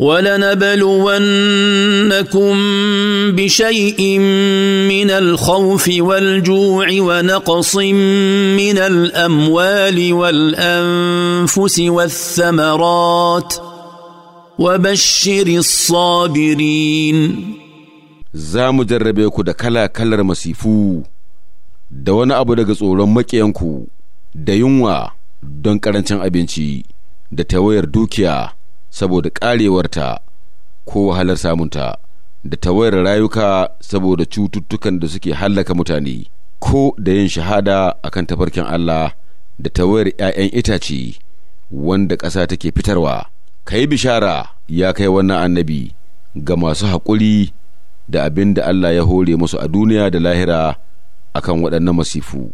ولنبلونكم بشيء من الخوف والجوع ونقص من الاموال والانفس والثمرات وبشر الصابرين za mu jarrabe ku da kala-kalar masifu da wani abu daga tsoron maƙiyanku da yunwa don ƙarancin abinci da tawayar dukiya saboda ƙarewarta ko wahalar samunta da tawayar rayuka saboda cututtukan da suke hallaka mutane ko da yin shahada akan tafarkin Allah da tawayar 'ya'yan itace wanda ƙasa take fitarwa ka yi bishara ya kai wannan annabi ga masu haƙuri da abin da Allah ya hore musu a duniya da lahira akan waɗannan masifu.